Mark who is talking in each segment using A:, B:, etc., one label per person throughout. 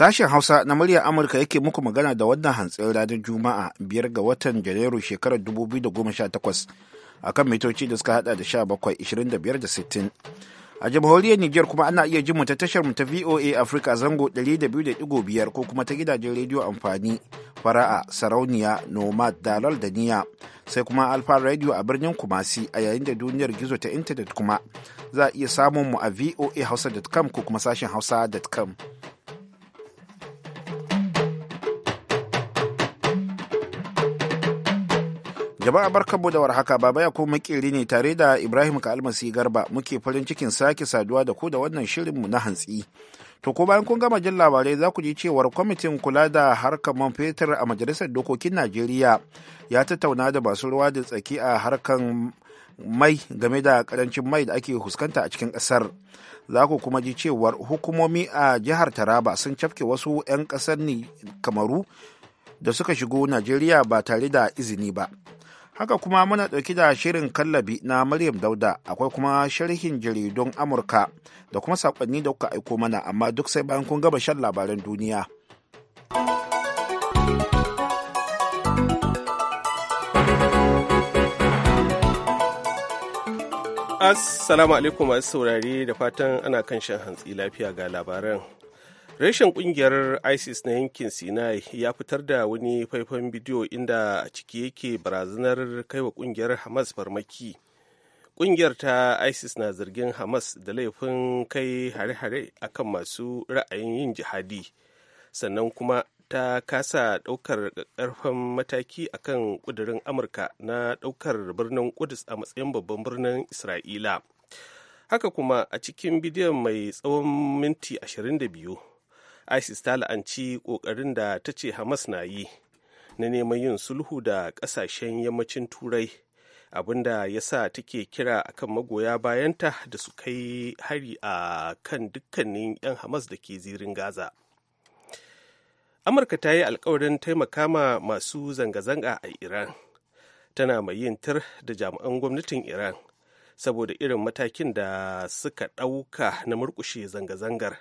A: Sashen Hausa na muryar Amurka yake muku magana da wannan hantsin ranar Juma'a biyar ga watan Janairu shekarar 2018 akan mitoci da suka hada da bakwai da 60. A jamhuriyar Nijar kuma ana iya jin ta tashar mu ta VOA Africa zango 200.5 ko kuma ta gidajen rediyo amfani fara'a sarauniya nomad dalal da niya sai kuma alfa radio a birnin kumasi a yayin da duniyar gizo ta intanet kuma za a iya samun mu a voa hausa.com ko kuma sashen hausa.com Jama'a barkamu da warhaka baba ya ko makeri ne tare da Ibrahim ka almasi Garba muke farin cikin sake saduwa da ku da wannan shirin mu na hantsi. To ko bayan kun gama jin labarai za ku ji cewar kwamitin kula da harkar man fetur a Majalisar Dokokin Najeriya ya tattauna da masu ruwa da tsaki a harkar mai game da karancin mai da ake fuskanta a cikin ƙasar. Za ku kuma ji cewar hukumomi a jihar Taraba sun cafke wasu 'yan ƙasar Kamaru da suka shigo Najeriya ba tare da izini ba. haka kuma muna ɗauki da shirin kallabi na maryam dauda akwai kuma sharhin jaridun amurka da kuma saƙonni da kuka aiko mana amma duk sai bayan kun gaba shan labaran duniya
B: assalamu alaikum masu saurare da fatan ana kan shan hantsi lafiya ga labaran Reshen kungiyar ISIS na yankin Sinai ya fitar da wani faifan bidiyo inda a ciki yake barazanar kai wa kungiyar Hamas farmaki. Kungiyar ta ISIS na zargin Hamas da laifin kai hare-hare akan masu ra'ayin yin jihadi, sannan kuma ta kasa ɗaukar karfan mataki akan ƙudurin Amurka na ɗaukar birnin Kudus a matsayin babban birnin Isra'ila. Haka kuma a cikin bidiyon mai tsawon minti 22 isis ta la'anci ƙoƙarin da ta ce hamas na yi na neman yin sulhu da ƙasashen yammacin turai abinda ya sa take kira a kan magoya bayanta da su kai hari a kan dukkanin 'yan hamas da ke zirin gaza amurka ta yi alkawarin taimaka ma masu zanga-zanga a iran tana mai yin tir da jami'an gwamnatin iran saboda irin matakin da suka ɗauka na murkushe zanga-zangar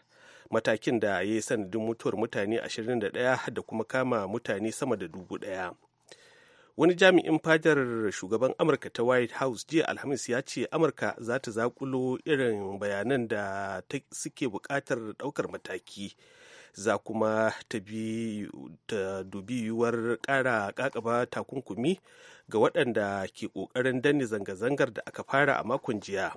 B: matakin da ya yi sanadin mutuwar mutane 21 da kuma kama mutane sama da dubu ɗaya. wani jami'in fadar shugaban amurka ta white house jiya alhamis ya ce amurka za ta zakulo irin bayanan da suke buƙatar ɗaukar mataki za kuma ta dubi yiwuwar ƙara ƙaƙaba takunkumi ga waɗanda ke ƙoƙarin danne zanga-zangar da aka fara a makon jiya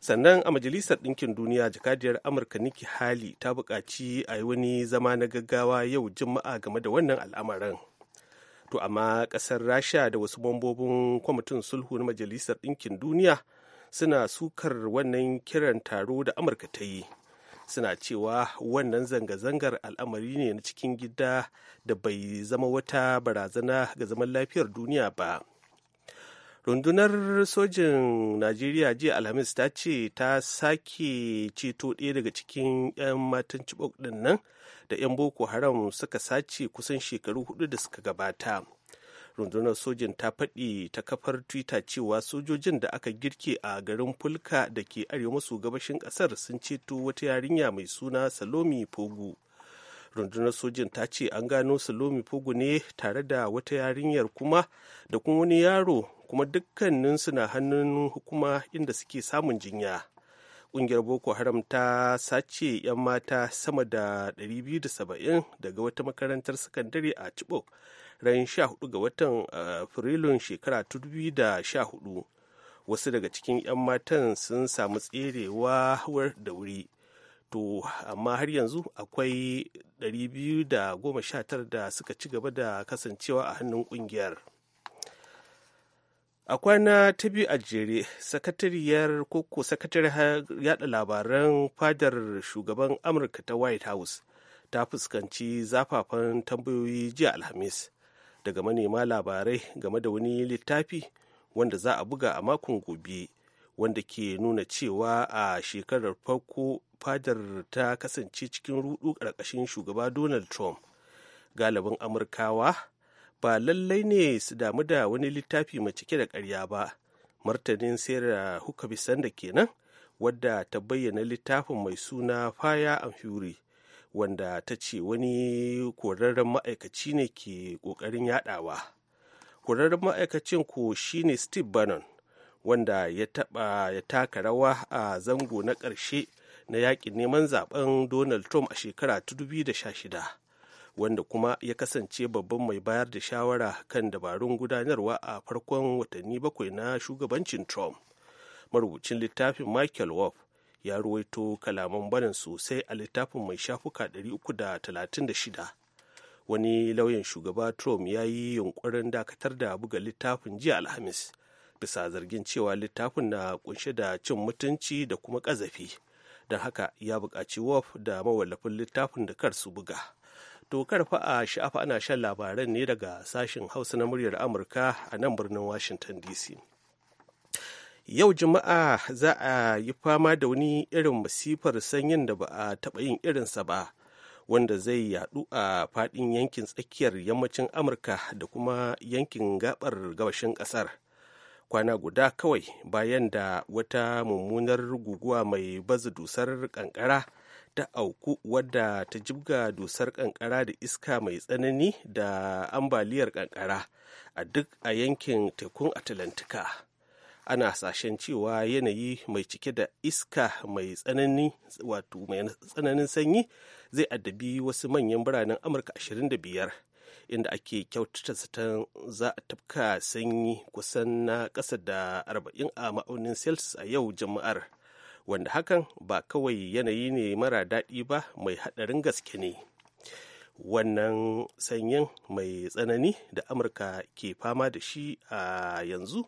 B: sannan a majalisar ɗinkin duniya jakadiyar amurka niki hali ta buƙaci a yi wani zama na gaggawa yau juma'a game da wannan al'amarin to amma ƙasar rasha da wasu mambobin kwamitin sulhu na majalisar ɗinkin duniya suna sukar wannan kiran taro da amurka ta yi suna cewa wannan zanga-zangar al'amari ne na cikin gida da bai zama wata barazana ga zaman lafiyar duniya ba rundunar sojin najeriya jiya alhamis ta ce ta sake ceto ɗaya daga cikin 'yan matan cibok ɗin nan da 'yan boko haram suka sace kusan shekaru hudu da suka gabata rundunar sojin ta faɗi ta kafar twitter cewa sojojin da aka girke a garin fulka da ke arewa maso gabashin ƙasar sun ceto wata yarinya mai suna salomi pogu rundunar sojin ta ce an gano salomi fugu ne tare da wata yarinyar kuma da kuma wani yaro kuma dukkanin na hannun hukuma inda suke samun jinya ƙungiyar boko haram ta sace 'yan mata sama da 270 daga wata makarantar sakandare a chibok ran 14 ga watan afrilun eh, shekara 2014 wasu daga cikin 'yan matan sun samu tserewa da wuri to amma har yanzu akwai 219 da suka ci gaba da kasancewa a hannun kungiyar a kwana ta biyu a jere sakatariyar koko sakatari yada labaran fadar shugaban amurka ta white house ta fuskanci zafafan tambayoyi jiya alhamis daga manema labarai game da wani littafi wanda za a buga a makon gobe wanda ke nuna cewa a shekarar farko fadar ta kasance cikin rudu ƙarƙashin shugaba donald trump galibin amurkawa ba lallai ne su damu da wani littafi mai cike da ƙarya ba martanin sarah huckabee sanda kenan wadda ta bayyana littafin mai suna fire and fury wanda ta ce wani korarren ma'aikaci ne ke ƙoƙarin yadawa korarren ma'aikacin ko shine steve bannon wanda ya taba ya taka rawa a zango na ƙarshe na yakin neman zaben donald trump a shekara ta 2016 wanda kuma ya kasance babban mai bayar da shawara kan dabarun gudanarwa a farkon watanni bakwai na shugabancin trump marubucin littafin michael wolf ya ruwaito kalaman barin sosai a littafin mai shafuka 336 wani lauyan shugaba trump ya yi yunkurin dakatar da buga littafin jiya alhamis bisa zargin cewa littafin na kunshe da cin mutunci da kuma ƙazafi don haka ya buƙaci wof da mawallafin littafin da kar su buga to karfa a sha'afa ana shan labaran ne daga sashen hausa na muryar amurka a nan birnin washington dc yau juma'a za a yi fama da wani irin masifar sanyin da ba a taɓa yin irinsa ba wanda zai yadu a faɗin yankin tsakiyar yammacin amurka da kuma yankin gabar gabashin ƙasar. kwana guda kawai bayan da wata mummunar guguwa mai baza dusar kankara ta auku wadda ta jibga dusar kankara da iska mai tsanani da ambaliyar kankara a duk a yankin tekun atlantika ana sashen cewa yanayi mai cike da iska mai tsanani wato mai tsananin sanyi zai addabi wasu manyan biranen amurka 25 inda ake kyautata satan za a tafka sanyi kusan na ƙasa da 40 a ma'aunin celsius a yau jama'ar wanda hakan ba kawai yanayi ne mara daɗi ba mai haɗarin gaske ne wannan sanyin mai tsanani da amurka ke fama da shi a yanzu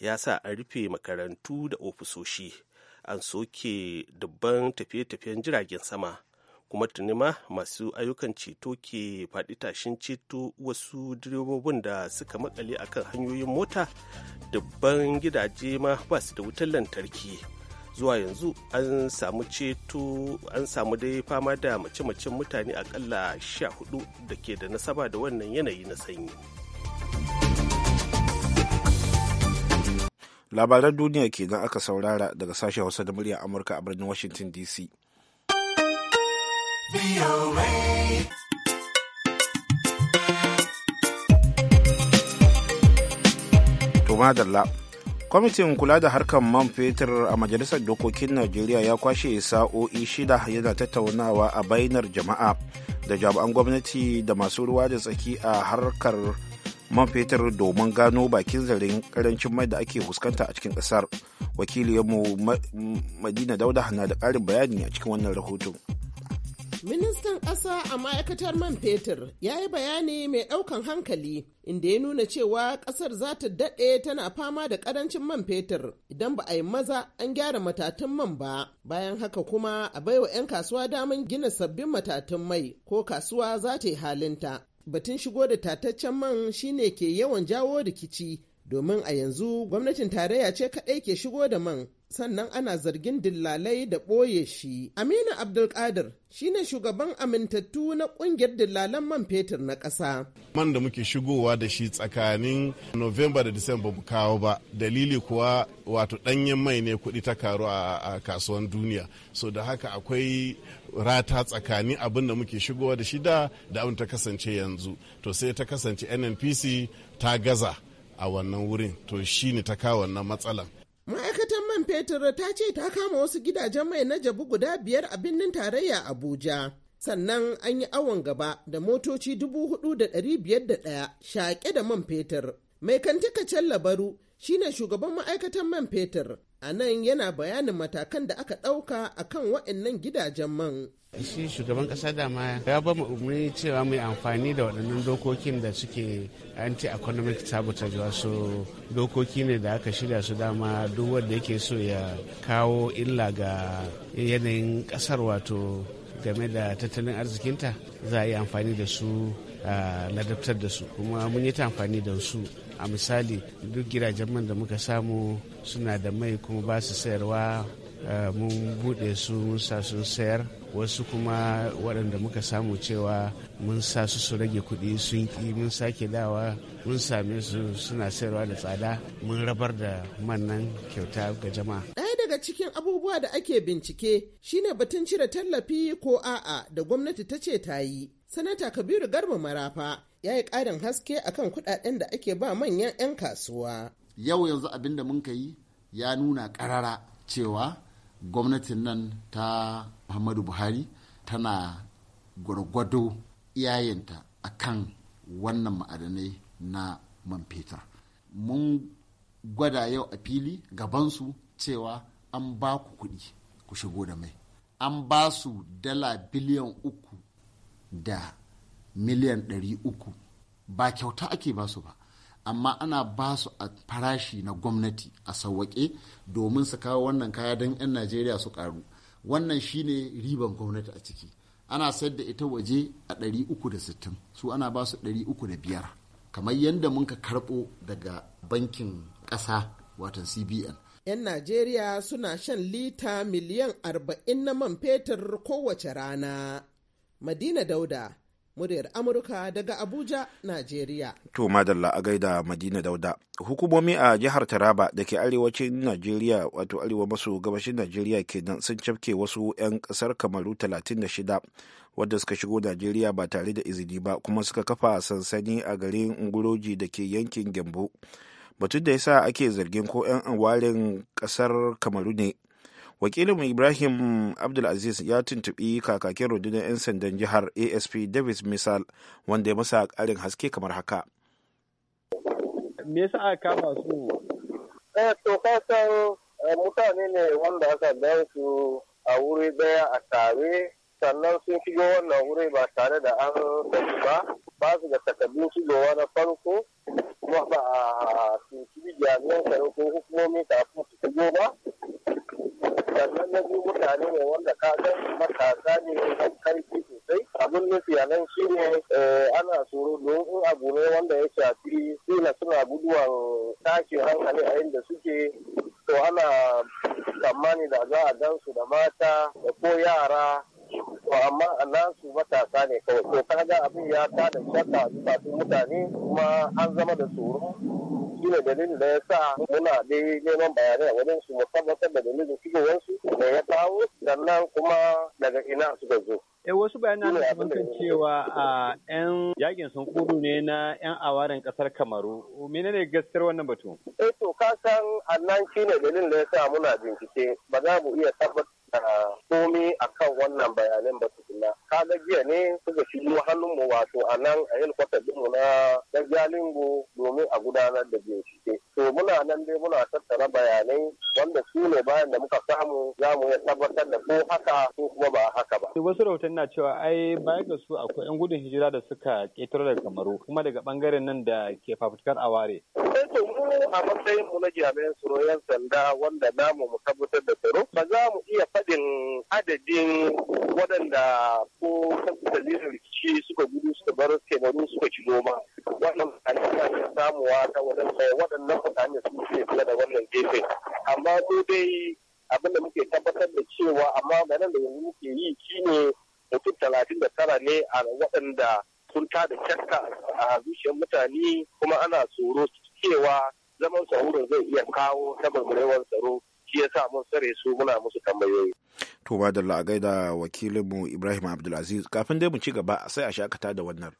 B: ya sa an rufe makarantu da ofisoshi an soke dubban tafiye-tafiyen jiragen sama kuma tuni masu ayyukan ceto ke faɗi tashin ceto wasu direbobin da suka makale akan hanyoyin mota dubban gidaje ma ba su da wutar lantarki zuwa yanzu an samu dai fama da mace-macen mutane akalla sha hudu da ke da nasaba da wannan yanayi na sanyi
A: labaran duniya kenan aka saurara daga sashen hausa da murya amurka a birnin washington dc Tumadalla. Kwamitin kula da harkar man fetur a Majalisar Dokokin Najeriya ya kwashe sa'o'i shida yana tattaunawa a bainar jama'a da jami'an gwamnati da masu ruwa da tsaki a harkar man fetur domin gano bakin zarin karancin mai da ake fuskanta a cikin kasar wakiliyarmu madina dauda na da ƙarin bayani a cikin wannan rahoton
C: Ministan ƙasa a ma'aikatar man fetur ya yi bayani mai ɗaukan hankali inda ya nuna cewa ƙasar za ta daɗe tana fama da ƙarancin man fetur idan ba a yi maza an gyara matatun man ba. Bayan haka kuma a baiwa 'yan kasuwa daman gina sabbin matatun mai ko kasuwa za ta yi halinta. Batun shigo da tataccen man shine ke yawan jawo rikici domin a yanzu gwamnatin tarayya ce kaɗai ke shigo da man sannan ana zargin dillalai da ɓoye shi. Aminu Abdulkadir ne shugaban amintattu na ƙungiyar dillalan man fetur na ƙasa. Man da muke shigowa da shi tsakanin november da Disamba bu kawo ba, dalili kuwa wato ɗanyen mai ne kuɗi ta karu a kasuwan duniya. So da haka akwai rata tsakanin abin da muke shigowa da shi da da abin ta kasance yanzu. To sai ta kasance NNPC ta gaza a wannan wurin, to shi ne ta kawo wannan matsalan. ma'aikatar man fetur ta ce ta kama wasu gidajen mai na jabu guda biyar a birnin tarayya abuja sannan an yi awon gaba da motoci dubu hudu da da dari biyar ɗaya shaƙe da man fetur mai can labaru shine shugaban ma'aikatan man fetur a nan yana bayanin matakan da aka ɗauka akan kan waɗannan gidajen man
B: shi shugaban kasa dama ya ba mu umarni cewa mai amfani da waɗannan dokokin da suke anti-economic sabotage wasu dokoki ne da aka shirya su dama duk wanda yake so ya kawo illa ga yanayin ƙasar wato game da tattalin arzikinta za a yi amfani da su ladabtar da su kuma mun yi ta amfani da su a misali duk gidajen man da muka samu suna da mai kuma ba su sayarwa mun buɗe su mun sa sun sayar wasu kuma waɗanda muka samu cewa mun sa su su rage kuɗi sun ƙi mun sake dawa mun same su suna sayarwa da tsada mun rabar da mannan
C: kyauta ga jama'a Ɗaya daga cikin abubuwa da ake bincike shine batun cire tallafi ko a'a da gwamnati ta ce ta yi. Sanata Kabiru Garba Marafa ya yi ƙarin haske akan kuɗaɗen da ake ba manyan 'yan kasuwa. Yau yanzu abin da mun ka yi ya nuna ƙarara cewa gwamnatin nan ta muhammadu buhari tana gwargwado iyayenta a kan wannan ma'adanai na man fetur mun gwada yau a fili gabansu cewa an ba ku kuɗi ku shigo da mai an ba su dala biliyan uku da miliyan ɗari uku ba kyauta ake ba su ba amma ana ba su a farashi na gwamnati a sauwaƙe domin su kawo wannan kaya don 'yan najeriya su ƙaru wannan shine riban gwamnati a ciki ana sayar da ita waje a 360 su ana ba su 305 kamar yadda mun ka karɓo daga bankin ƙasa watan cbn 'yan najeriya suna shan lita miliyan 40 na man fetur kowace rana madina dauda muryar Amurka daga Abuja, Najeriya.
A: To madalla a gaida Madina Dauda. Hukumomi a jihar Taraba da ke arewacin nigeria wato arewa maso gabashin Najeriya kenan sun cafke wasu 'yan kasar Kamaru 36 wadda suka shigo nigeria ba tare da izini ba kuma suka kafa sansani a garin Ngoroji da ke yankin gembu Batun da yasa ake zargin ko 'yan warin kasar Kamaru ne wakilin ibrahim abdulaziz ya tuntubi kakakin rundunar 'yan sandan jihar asp davis misal wanda ya masa ƙarin haske kamar haka
D: me a aka kama su eh, eh, mutane ne wanda aka dawo a wuri daya a tare sannan sun shigo wannan wuri ba tare da an sani ba ba su da takardun shigowa na farko kuma ba a tuntubi jami'an tsaro ko hukumomi kafin su shigo ba sannan na biyu mutane ne wanda ka gan matasa ne na karfi sosai abin nufi a nan shi ne eh, ana tsoro don in abu ne wanda ya shafi sila suna guduwan tashin hankali a inda suke to ana tsammani da za a gansu da mata da ko yara to amma Allah su matasa ne kawai to ga abin ya tada shakka zukatun mutane kuma an zama da tsoro ne dalilin da ya sa muna dai neman bayanai a wajen su musamman da dalilin shigowarsu da ya kawo sannan kuma daga ina suka zo. E wasu bayanan na sun kan cewa a 'yan yakin sun kudu ne na
B: 'yan awaren kasar Kamaru. ne gaskiyar wannan batu?
D: E, to kasan annan, shi ne dalilin da ya sa muna bincike ba za mu iya tabbatar komi ka a kan wannan bayanin ba tukuna kaga jiya ne suka shigo hannunmu wato a nan a helkwata dinmu na jalingo domin a gudanar da bincike to muna nan dai muna tattara bayanai wanda su ne bayan da muka samu za mu iya tabbatar da ko haka ko kuma ba haka ba
B: wasu rahoton na cewa ai baya ga su akwai yan gudun hijira da suka ƙetare daga kamaru kuma daga bangaren nan da ke fafutukar ware.
D: Eh, a matsayin mu na jami'an tsaro yan sanda wanda namu mu tabbatar da tsaro ba za mu iya adadin adadin waɗanda ko dalilin rikici suka gudu suka bar kemaru suka ci noma wannan mutane suna samuwa ta waɗannan mutane su ke kula da wannan gefe amma ko dai abin da muke tabbatar da cewa amma ganin da yanzu muke yi shine mutum talatin da tara ne a waɗanda sun da shakka a zuciyar mutane kuma ana tsoro cewa zaman tsaron zai iya kawo tabarbarewar tsaro shi yasa mun sare su muna musu tambayoyi
A: to da a gaida wakilinmu ibrahim abdulaziz kafin dai mu ci gaba sai a shakata da wannan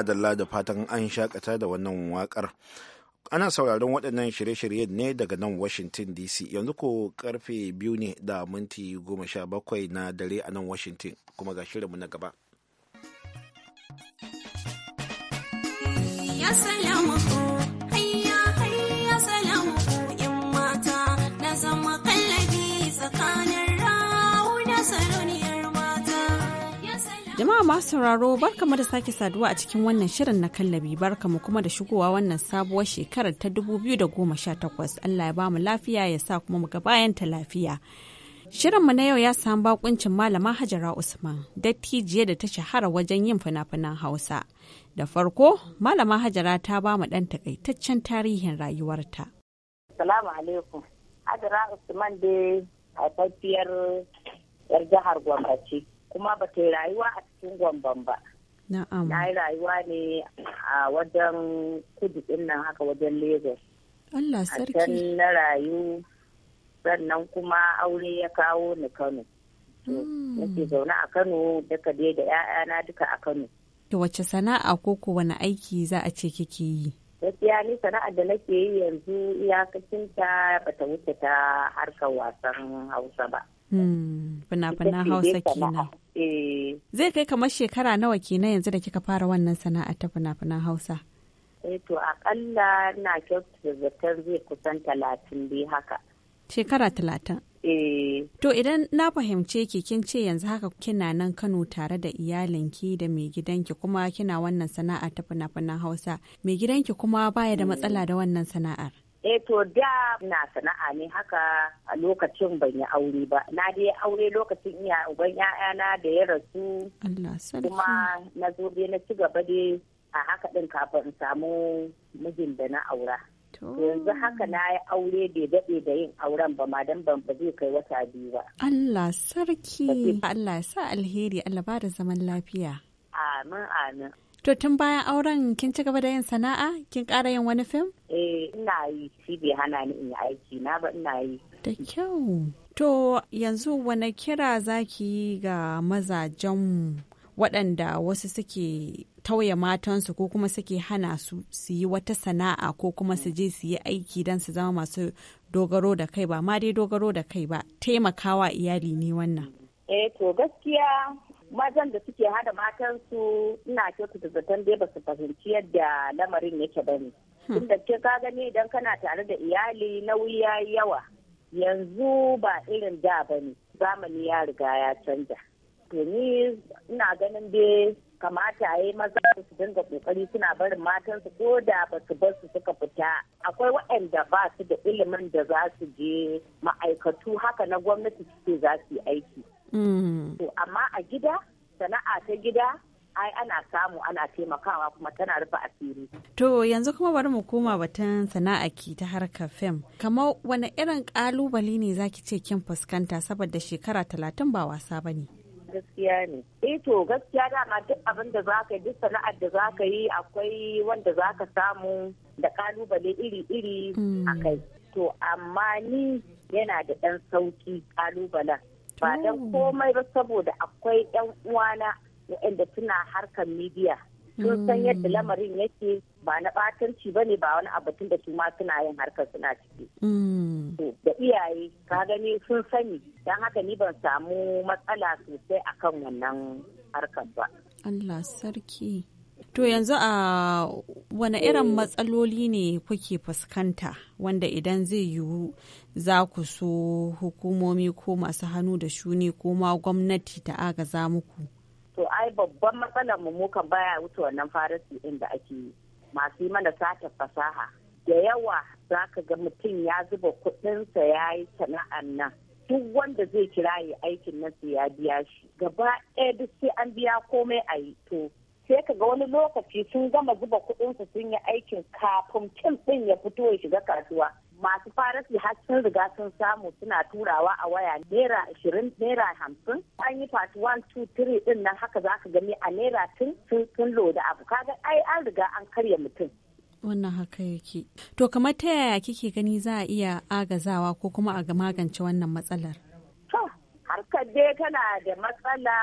A: adalla da fatan an shakata da wannan wakar ana sauraron waɗannan shirye-shirye ne daga nan washington dc yanzu ko karfe biyu ne da minti goma sha bakwai na dare a nan washington kuma ga shirinmu na gaba
E: ya salamu masu sauraro barkamu da sake saduwa a cikin wannan shirin na kallabi barkamu kuma da shigowa wannan sabuwar shekarar ta 2018 Allah ya bamu lafiya ya sa kuma mu ga ta lafiya. shirin mu na yau ya samu bakuncin malama Hajara Usman, dattijiya da ta shahara wajen yin fina-finan Hausa. Da farko, malama Hajara ta ba mu ɗan takaitaccen tarihin rayuwarta.
F: Salamu alaikum. Hajara Usman dai haifafiyar yar jihar kuma ba ta yi rayuwa a cikin gwamban ba
E: na yi
F: rayuwa ne a wajen kudu din nan haka wajen lagos
E: Allah sarki. can
F: na rayu sannan kuma aure ya kawo ni kano hmm. nake zaune a kano duka dai da 'ya'yana duka a kano to
E: wace sana'a ko ko wani aiki za a ce kike yi
F: gaskiya ni sana'ar da nake yi yanzu iyakacin ta bata wuce ta harkar wasan hausa ba
E: hmm. fina-finan Hausa kenan. Eh. Zai kai kamar shekara nawa kenan yanzu da kika fara wannan sana'a ta fina-finan Hausa?
F: Eh, to akalla na da zaton zai kusan talatin dai haka.
E: Shekara talatin. Eh. To idan na fahimce ki kin ce yanzu haka kina nan Kano tare da iyalinki da mai gidanki kuma kina wannan sana'a ta fina-finan Hausa. Mai gidanki kuma baya da mm. matsala da wannan sana'ar.
F: eh to da na sana'a ne haka a lokacin ban yi aure ba na dai aure lokacin iya uban ya'yana da ya rasu kuma na zo dai na ci gaba dai a haka din kafin in samu mijin da na aura yanzu haka na yi aure bai daɗe da yin auren ba ma dan ban ba zai kai wata biyu ba Allah
E: sarki Allah ya sa alheri Allah ba da zaman lafiya
F: amin amin
E: To tun bayan auren kin ci gaba da yin sana'a? Kin ƙara yin wani fim?
F: Eh, ina yi, shi bai hana ni in yi aiki na ba ina yi.
E: Da kyau. To yanzu wani kira zaki yi ga mazajenmu waɗanda wasu suke tauye matansu ko kuma suke hana su su yi wata sana'a ko kuma su je su yi aiki don su zama masu dogaro da kai ba ma dai dogaro da kai ba taimakawa iyali
F: ne wannan. Eh to gaskiya mazan da suke hada matansu ina da zaton dai ba su fahimci yadda lamarin yake ba ne. inda hmm. ke ka gani idan kana tare da iyali nauyi ya yawa yanzu ba irin da ba ne zamani ya riga ya canja. To ni ina ganin dai kamata ya yi maza su dinga kokari suna barin matansu ko da ba su bar su suka fita akwai waɗanda ba su da ilimin da za su je ma'aikatu haka na gwamnati suke za su yi aiki Mm. To amma a gida sana'a ta gida ai ana samu ana taimakawa kuma tana rufe asiri.
E: To yanzu kuma bari mu koma batun sana'a ki ta harkar fim. Kamar wani irin kalubale ne zaki ce kin fuskanta saboda shekara talatin ba wasa ba ne.
F: Gaskiya ne. Eh to gaskiya dama duk abin da zaka yi duk sana'ar da zaka yi akwai wanda zaka samu da kalubale iri-iri mm. a kai. To amma ni yana da ɗan sauki kalubalen. ba don oh. komai ba saboda akwai yan uwana waɗanda suna harkar midiya
G: sun san yadda hmm.
F: lamarin yake ba na batanci ba ne ba wani abatun da su ma suna yin harkar suna ciki.
E: Hmm.
F: Da iyaye ka gani sun sani don haka ni ban samu matsala sosai akan wannan harkar ba.
E: Allah sarki. To yanzu a wane irin matsaloli ne kuke fuskanta wanda idan zai yiwu za ku so hukumomi ko masu hannu da shuni ko ma gwamnati ta agaza muku?
F: To ai babban matsalar mu kan baya wuce wannan farasi inda da ake yi masu yi mana satar fasaha. Da yawa za ka ga mutum ya zuba kuɗinsa ya yi sana'an nan. duk wanda zai kira yi aikin nan sai ya biya shi gaba ɗaya duk sai an biya komai a yi to sai ka ga wani lokaci sun gama zuba kuɗinsu sun yi aikin kafin kin ɗin ya fito ya shiga kasuwa masu farasi har sun riga sun samu suna turawa a waya naira ashirin naira hamsin an yi part one two three din nan haka za ka gani a naira tun sun loda abu kaga ai an riga an karya mutum
E: wannan haka yake to kamar ta yaya kike gani za a iya agazawa ko kuma a magance wannan matsalar
F: harkar dai tana da matsala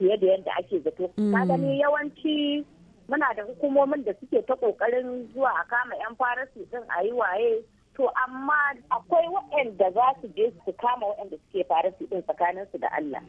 F: fiye da yadda ake zato ka gani mm. yawanci muna da hukumomin da suke ta kokarin zuwa a kama yan farasi din a yi waye to amma akwai waɗanda za su je su kama waɗanda suke farasi din tsakaninsu da Allah.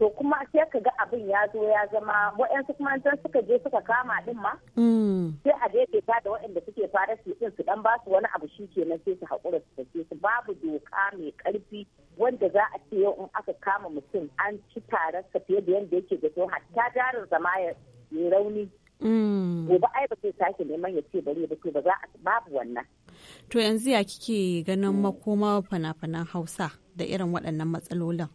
F: to kuma sai ka ga abin ya zo ya zama waɗansu kuma don suka je suka kama din ma mm. sai a ta da waɗanda suke fara su din su dan ba su wani abu shi kenan sai su haƙura su sake su babu doka mai ƙarfi wanda za a ce yau in aka kama mutum an ci tare sa fiye da yadda yake zato hatta jarin zama ya rauni mm. gobe ai ba sai sake neman ya ce bari ba to ba za a babu wannan
E: to yanzu ya kike ganin mm. makoma fana-fanan hausa da irin waɗannan matsalolin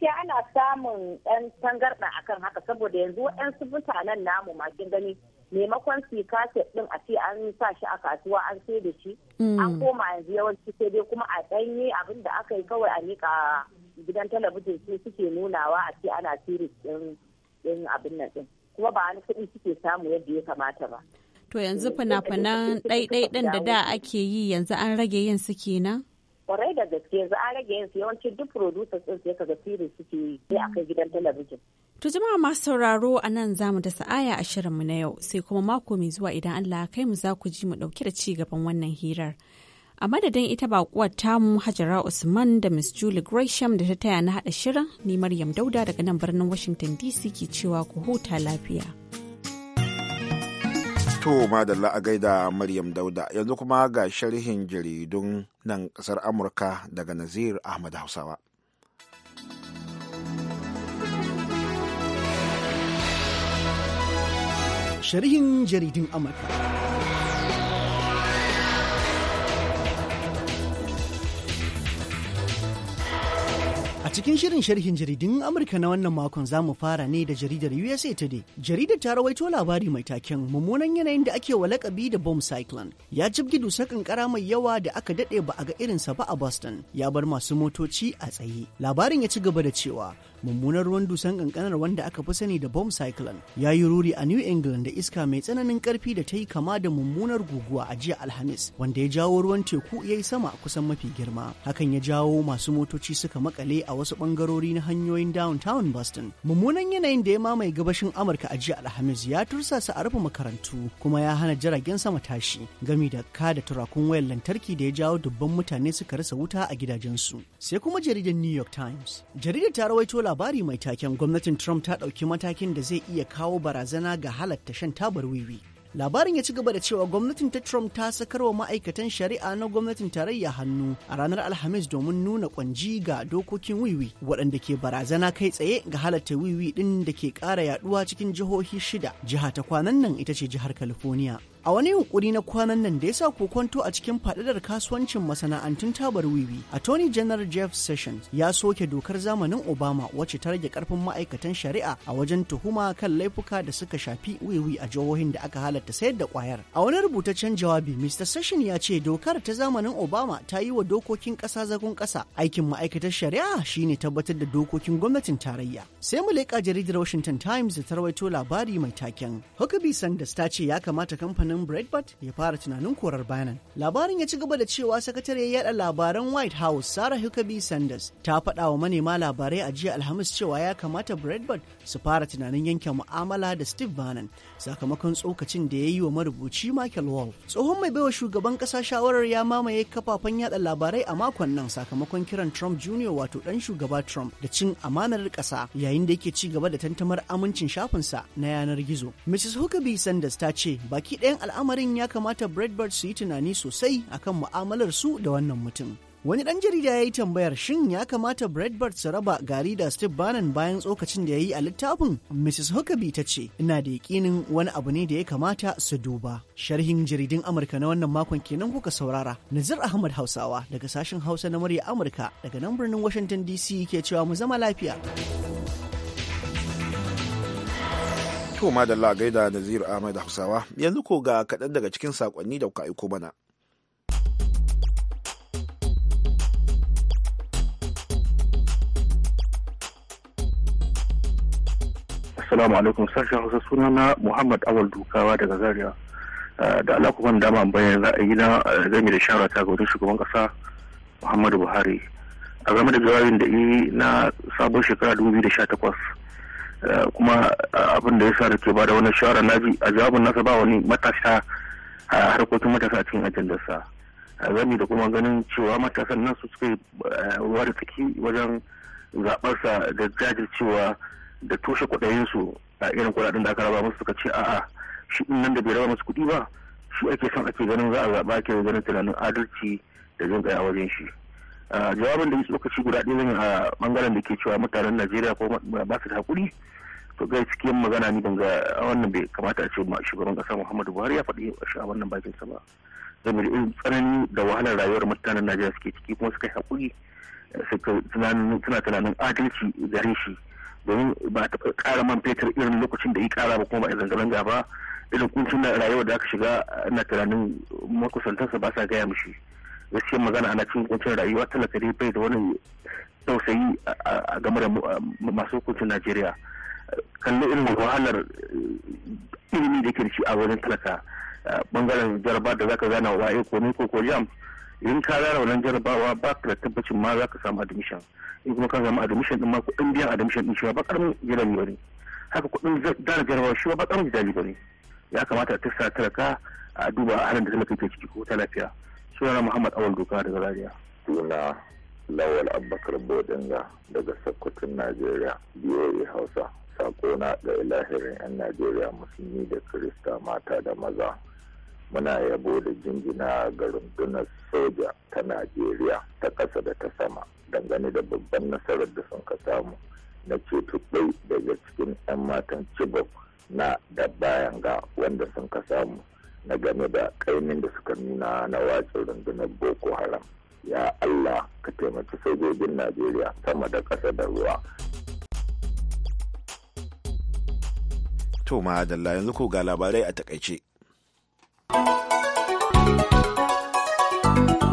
F: gaskiya ana samun ɗan tangarɗa akan haka saboda yanzu waɗansu mutanen namu makin gani maimakon su kaset ɗin a ce an sa shi a kasuwa an sai da shi mm. an koma yanzu yawanci sai dai kuma a ɗanye abin da aka yi kawai a miƙa gidan talabijin su suke nunawa a ce ana siri ɗin abin nan ɗin kuma ba wani kuɗi suke samu yadda ya kamata ba.
E: To yanzu eh, fina-finan ɗaiɗai ɗin da da ake yi yanzu an rage yin su kenan?
F: kwarai da gaske yanzu an rage yin yawanci duk producers din sai kaga series suke yi sai akai gidan talabijin
E: To jama'a ma sauraro a nan za mu da sa'aya a mu na yau sai kuma mako mai zuwa idan Allah kai mu za ku ji mu ɗauki da ci gaban wannan hirar. A madadin ita baƙuwar tamu Hajara Usman da Miss Julie Gresham da ta taya na haɗa shirin ni Maryam Dauda daga nan birnin Washington DC ke cewa ku huta lafiya.
A: To madalla a gaida Maryam Dauda yanzu kuma ga sharhin jaridun nan ƙasar Amurka daga Nazir Ahmad Hausawa.
G: Sharhin jaridun Amurka. cikin shirin sharhin jaridun Amurka na wannan makon za mu fara ne da jaridar USA Today. Jaridar ta rawaito labari mai taken mummunan yanayin da ake wa lakabi da bomb cyclone. Ya jibgi dusar kankara mai yawa da aka dade ba a ga irinsa ba a Boston. Ya bar masu motoci a tsaye. Labarin ya ci gaba da cewa mummunar ruwan dusan kankanar wanda aka fi sani da bomb cyclone ya yi ruri a new england da iska mai tsananin karfi da ta yi kama da mummunar guguwa a jiya alhamis wanda ya jawo ruwan teku ya yi sama kusan mafi girma hakan ya jawo masu motoci suka makale a wasu bangarori na hanyoyin downtown boston mummunan yanayin da ya mamaye gabashin amurka a jiya alhamis ya tursasa a rufe makarantu kuma ya hana jiragen sama tashi gami da ka da turakun wayar lantarki da ya jawo dubban mutane suka rasa wuta a gidajensu sai kuma jaridar new york times jaridar ta rawaito labari mai taken gwamnatin Trump ta ɗauki matakin da zai iya kawo barazana ga halatta shan tabar wiwi. Labarin ya ci gaba da cewa gwamnatin ta Trump ta sakarwa ma'aikatan shari'a na gwamnatin tarayya hannu a ranar Alhamis domin nuna kwanji ga dokokin wiwi waɗanda ke barazana kai tsaye ga halatta wiwi ɗin da ke ƙara yaɗuwa cikin jihohi shida. Jiha ta kwanan nan ita ce jihar California. a wani yunkuri na kwanan nan da ya sa kokonto a cikin fadadar kasuwancin masana'antun tabar wiwi a attorney general jeff sessions ya soke dokar zamanin obama wacce ta rage karfin ma'aikatan shari'a a wajen tuhuma kan laifuka da suka shafi wiwi a jihohin da aka halatta sayar da kwayar a wani rubutaccen jawabi mr sessions ya ce dokar ta zamanin obama ta yi wa dokokin ƙasa zagon ƙasa aikin ma'aikatar shari'a shine tabbatar da dokokin gwamnatin tarayya sai mu leƙa jaridar washington times da ta rawaito labari mai taken huckabee sanders ta ce ya kamata kamfanin kamfanin Breitbart ya fara tunanin korar Bannon. Labarin ya ci gaba da cewa sakatare yada labaran White House Sarah Huckabee Sanders ta faɗa wa manema labarai a jiya Alhamis cewa ya kamata Breitbart su fara tunanin yanke mu'amala da Steve Bannon sakamakon tsokacin da ya yi wa marubuci Michael Wall. Tsohon mai baiwa shugaban ƙasa shawarar ya mamaye kafafen yada labarai a makon nan sakamakon kiran Trump Jr. wato ɗan shugaba Trump da cin amanar ƙasa yayin da yake ci gaba da tantamar amincin shafinsa na yanar gizo. Mrs. Huckabee Sanders ta ce baki ɗayan al'amarin ya kamata Breitbart su yi tunani sosai akan mu'amalar su da wannan mutum. Wani ɗan jarida ya yi tambayar shin ya kamata Breitbart su raba gari da Steve Bannon bayan tsokacin da ya yi a littafin? Mrs. Huckabee ta ce, ina da yakinin wani abu ne da ya kamata su duba. Sharhin jaridun Amurka na wannan makon kenan kuka saurara. Nazir Ahmad Hausawa daga sashen Hausa na murya Amurka daga nan birnin Washington DC ke cewa mu zama lafiya.
A: To madalla gaida Naziru Ahmed Hausawa yanzu ko ga kaɗan daga cikin saƙonni da kuka aiko mana.
H: Assalamu alaikum sashen Hausa sunana Muhammad Awal Dukawa daga Zaria. Uh, da Allah kuma dama bayan za a yi na game da ta ga shugaban kasa Muhammadu Buhari. A game da jawabin da yi na sabon shekara 2018 Eh, kuma eh, abin da ya sa da ke ba da wani shawara na ji a jawabin nasa ba wani matasa a harkokin matasa a cikin ajandarsa gani eh, da kuma ganin cewa matasan nan su suka yi ruwa da tsaki wajen zaɓarsa da jajircewa da toshe kuɗayensu a irin kuɗaɗen da aka raba musu suka ce a'a shi nan da bai raba musu kuɗi ba shi ake son ake ganin za a zaɓa ake ganin tunanin adalci da jin a wajen shi jawabin da yake lokaci guda ɗaya a ɓangaren da ke cewa mutanen najeriya ko ba su da haƙuri to cikin magana ni ban ga wannan bai kamata a ce ma shugaban kasa muhammadu buhari ya faɗi a wannan bakin sa ba saboda irin tsanani da wahalar rayuwar mutanen najeriya suke ciki kuma suka yi haƙuri suna tunanin adalci gare shi domin ba ta ƙara man fetur irin lokacin da ya ƙara ba kuma ba zanga-zanga ba irin kuncin rayuwar da aka shiga na tunanin makusantarsa ba sa gaya mishi gaskiyar magana ana cin kuncin rayuwa talaka bai da wani tausayi a game da masu hukuncin najeriya kalli irin wahalar eh, ilimi da ke a wajen talaka bangaren jaraba da zaka zana wa ko ne ko ko jam in ka zara wannan jarabawa ba ka da tabbacin ma za ka samu admission in kuma ka samu admission din ma kuɗin biyan admission din shi ba karamin jirani ba ne haka kuɗin dara jarabawa shi ba karamin jirani ba wani ya kamata ta sa talaka a duba halin da talaka ke ciki ko ta lafiya sunana muhammad awal doka daga zaria suna lawal abubakar bodinga daga sokoton najeriya boa hausa sakona ga ilahirin 'yan najeriya musulmi da kirista mata da maza muna yabo da jingina ga rundunar soja ta najeriya ta ƙasa da ta sama dangane da babban nasarar da sun ka samu na ceto daga cikin 'yan matan cibok na da bayan ga wanda sun ka samu na game da ƙaimin da suka nuna na watsin rundunar boko haram ya allah ka taimaki sojojin najeriya sama da ƙasa da
A: ruwa to ma'adalla yanzu ko ga labarai a takaice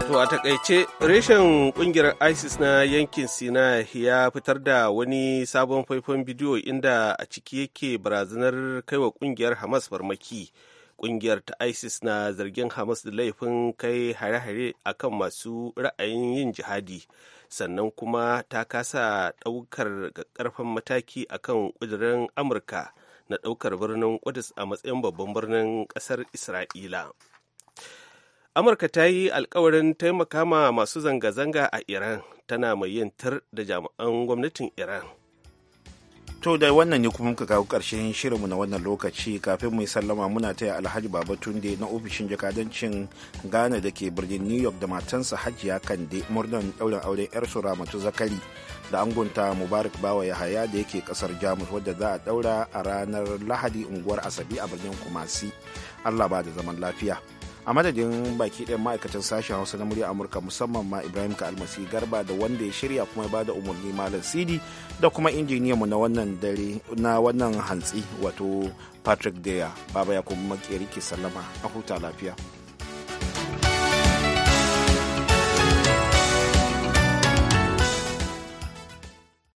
B: To a takaice reshen kungiyar ISIS na yankin Sinai ya fitar da wani sabon faifan bidiyo inda a ciki yake barazanar kaiwa kungiyar Hamas farmaki kungiyar ta isis na zargin hamas da laifin kai hare-hare a kan masu ra'ayin yin jihadi sannan kuma ta kasa ɗaukar ƙarfin mataki a kan ƙudurin amurka na ɗaukar birnin Qudus a matsayin babban birnin ƙasar Isra'ila. Amurka ta yi alkawarin taimaka ma masu zanga-zanga a Iran tana mai yin tir da jami'an gwamnatin Iran.
A: to da wannan ne kuma muka kawo ƙarshen mu na wannan lokaci kafin mu yi sallama muna taya alhaji baba tunde na ofishin jakadancin ghana da ke birnin new york da matansa hajiya kande murnan ɗaurin auren yar ramatu zakari da angunta mubarak bawa yahaya da yake kasar jamus wadda za a daura a ranar lahadi unguwar asabi a birnin kumasi allah ba da zaman lafiya a madadin baki ɗayan ma'aikatan sashen hausa na murya amurka musamman ma ibrahim ka almasi garba da wanda ya shirya kuma ya bada umarni malam sidi da kuma injiniyanmu na wannan dare na wannan hantsi wato patrick deya baba ya kuma makeri ke sallama a huta lafiya